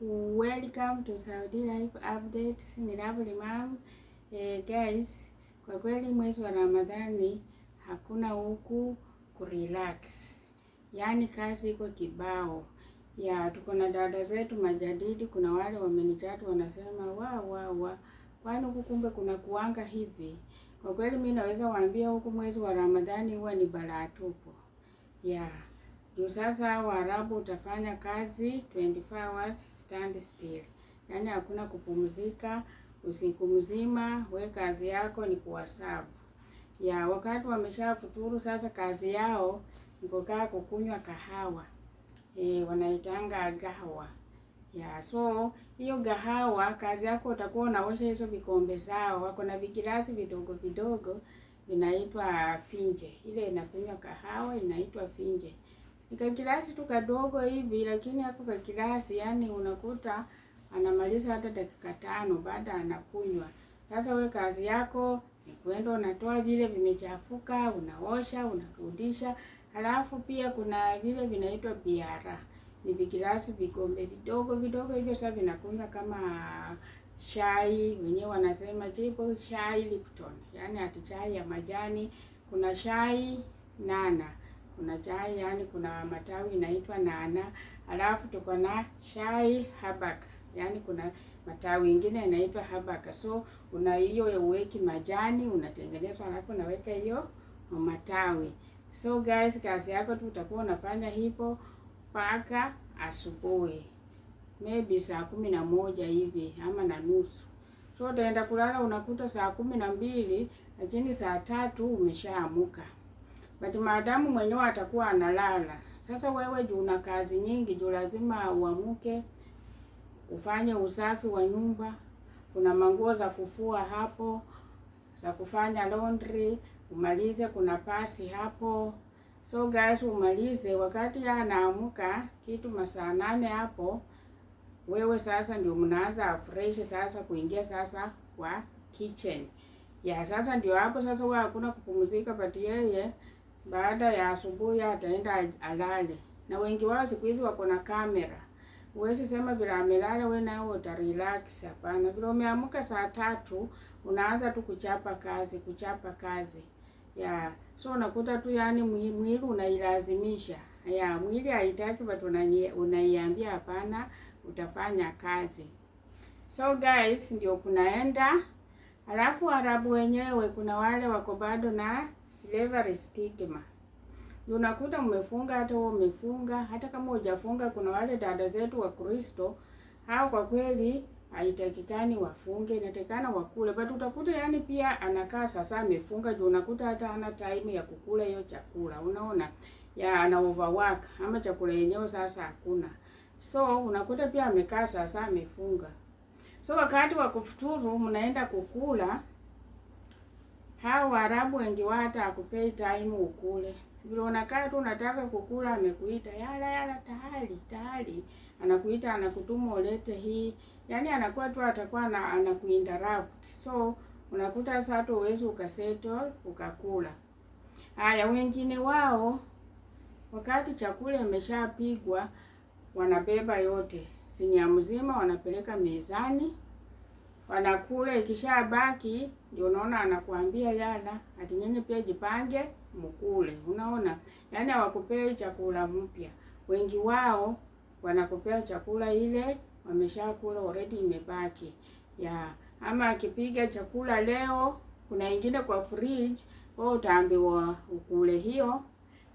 Welcome to Saudi Life Updates. Ni Lovely Mom. Eh, guys, kwa kweli mwezi wa Ramadhani hakuna huku kurelax, yaani kazi iko kibao ya tuko na dada zetu majadidi. Kuna wale wamenichatu wanasema wa wa wa, kwani huku kumbe kuna kuanga hivi? Kwa kweli mimi naweza waambia huku mwezi wa Ramadhani huwa ni balaa tupo. ya yeah. Juu sasa Waarabu utafanya kazi 24 hours stand still, yaani hakuna kupumzika usiku mzima. We kazi yako ni kuwasabu ya wakati wameshafuturu, sasa kazi yao ni kukaa kukunywa kahawa e, wanaitanga gahawa ya so hiyo gahawa, kazi yako utakuwa unaosha hizo vikombe zao. Wako na vikirasi vidogo vidogo vinaitwa finje, ile inakunywa kahawa inaitwa finje. Nikakilasi tu kadogo hivi, lakini hapo kakilasi, yani unakuta anamaliza hata dakika tano, baada anakunywa. Sasa we kazi yako ni kwenda unatoa vile vimechafuka, unaosha, unarudisha. Halafu pia kuna vile vinaitwa biara, ni vikilasi vikombe vidogo vidogo hivyo, sasa vinakunywa kama chai, wenyewe wanasema chipo chai Lipton, yaani ati chai ya majani. Kuna chai nana kuna chai, yani kuna matawi inaitwa nana, alafu tuko na chai habaka, yani kuna matawi ingine inaitwa habaka. So una hiyo uweki majani unatengeneza, alafu unaweka hiyo matawi. So guys, kazi yako tu utakuwa unafanya hivyo mpaka asubuhi, maybe saa kumi na moja hivi ama na nusu. So utaenda kulala unakuta saa kumi na mbili, lakini saa tatu umeshaamuka but maadamu mwenyewe atakuwa analala. Sasa wewe juu una kazi nyingi, juu lazima uamuke ufanye usafi wa nyumba, kuna manguo za kufua hapo, za kufanya laundry, umalize, kuna pasi hapo. So guys, umalize wakati anaamuka kitu masaa nane hapo, wewe sasa ndio mnaanza afresh sasa kuingia sasa kwa kitchen ya sasa, ndio hapo sasa, wewe hakuna kupumzika, but yeye baada ya asubuhi ataenda alale, na wengi wao siku hizi wako na kamera. Huwezi sema vile amelala wewe nao utarelax, hapana. Vile umeamka saa tatu unaanza tu kuchapa kazi, kuchapa kazi ya yeah. So unakuta tu yani mwili unailazimisha ya yeah. Mwili haitaki but unaiambia hapana, utafanya kazi. So guys, ndio kunaenda. Alafu Arabu wenyewe kuna wale wako bado na slavery stigma. Unakuta umefunga hata wewe umefunga, hata kama hujafunga. Kuna wale dada zetu wa Kristo hao, kwa kweli haitakikani wafunge, inatakikana wakule, but utakuta yani pia anakaa sasa amefunga juu, unakuta hata hana time ya kukula hiyo chakula, unaona ya ana overwork ama chakula yenyewe sasa hakuna, so unakuta pia amekaa sasa amefunga, so wakati wa kufuturu mnaenda kukula hao Waarabu wengi wao hata hakupei time ukule. Vile unakaa tu unataka kukula, amekuita yala yala, tahali tahali, anakuita anakutuma ulete hii, yani anakuwa tu atakuwa na anakuinterrupt, so unakuta sasa hata uwezi ukasettle ukakula. Haya, wengine wao wakati chakula imeshapigwa wanabeba yote sinia mzima wanapeleka mezani wanakula, ikishabaki ndio unaona anakuambia yana ati nyenye pia jipange mkule. Unaona, yani hawakupei chakula mpya. Wengi wao wanakupea chakula ile wameshakula already, imebaki ya ama akipiga chakula leo, kuna ingine kwa fridge, wewe utaambiwa ukule hiyo,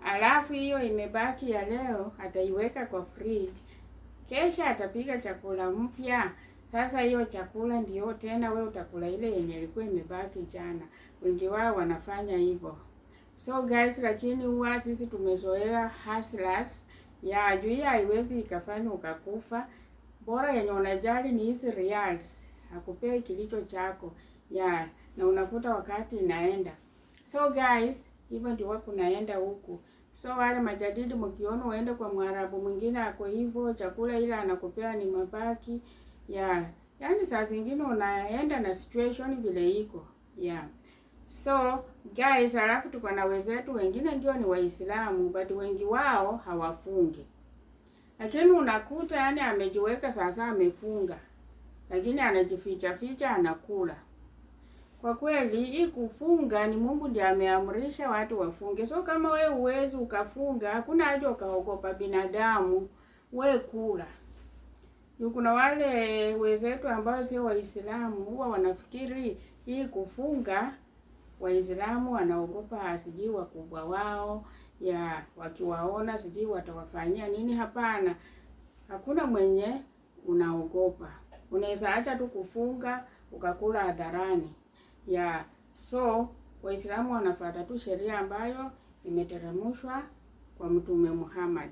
alafu hiyo imebaki ya leo ataiweka kwa fridge, kesha atapiga chakula mpya. Sasa hiyo chakula ndio tena we utakula ile yenye ilikuwa imebaki jana. Wengi wao wanafanya hivyo. So guys, lakini huwa sisi tumezoea hustlers ya juu, haiwezi ikafanya ukakufa. Bora yenye unajali ni hizi reals, akupee kilicho chako ya na unakuta wakati inaenda. So guys, hivyo ndio naenda huku. So wale majadidi, mkiona uende kwa mwarabu mwingine ako hivyo, chakula ile anakupea ni mabaki yeah. Yani saa zingine unaenda na situation vile iko yeah. So guys, alafu tuko na wenzetu wengine ndio ni Waislamu but wengi wao hawafungi, lakini unakuta yani amejiweka sasa, amefunga lakini anajificha ficha anakula. Kwa kweli hii kufunga ni Mungu ndiye ameamrisha watu wafunge, so kama we uwezi ukafunga, hakuna haja ukaogopa binadamu, we kula kuna wale wenzetu ambao sio Waislamu huwa wanafikiri hii kufunga, Waislamu wanaogopa sijui wakubwa wao ya wakiwaona sijui watawafanyia nini. Hapana, hakuna mwenye unaogopa, unaweza acha tu kufunga ukakula hadharani ya so Waislamu wanafuata tu sheria ambayo imeteremshwa kwa Mtume Muhammad,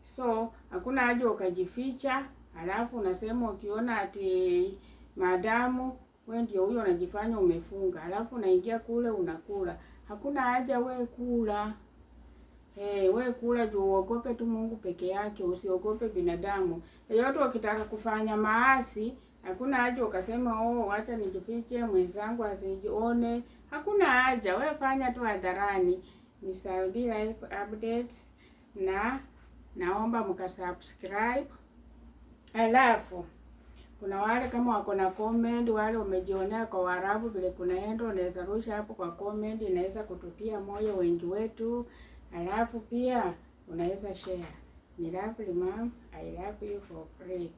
so hakuna haja ukajificha alafu unasema ukiona ati madamu we ndio huyo unajifanya umefunga, alafu unaingia kule unakula. Hakuna haja we kula. Hey, eh, we kula juu uogope tu Mungu peke yake, usiogope binadamu yeyote. Ukitaka kufanya maasi, hakuna haja ukasema oh, wacha nijifiche mwenzangu asijione. Hakuna haja, we fanya tu hadharani. Ni Saudi Life na naomba mkasubscribe. Alafu kuna wale kama wako na comment, wale umejionea kwa Waarabu vile kunaenda, unaweza rusha hapo kwa comment, inaweza kututia moyo wengi wetu. Alafu pia unaweza share. Ni lovely mom, I love you for free.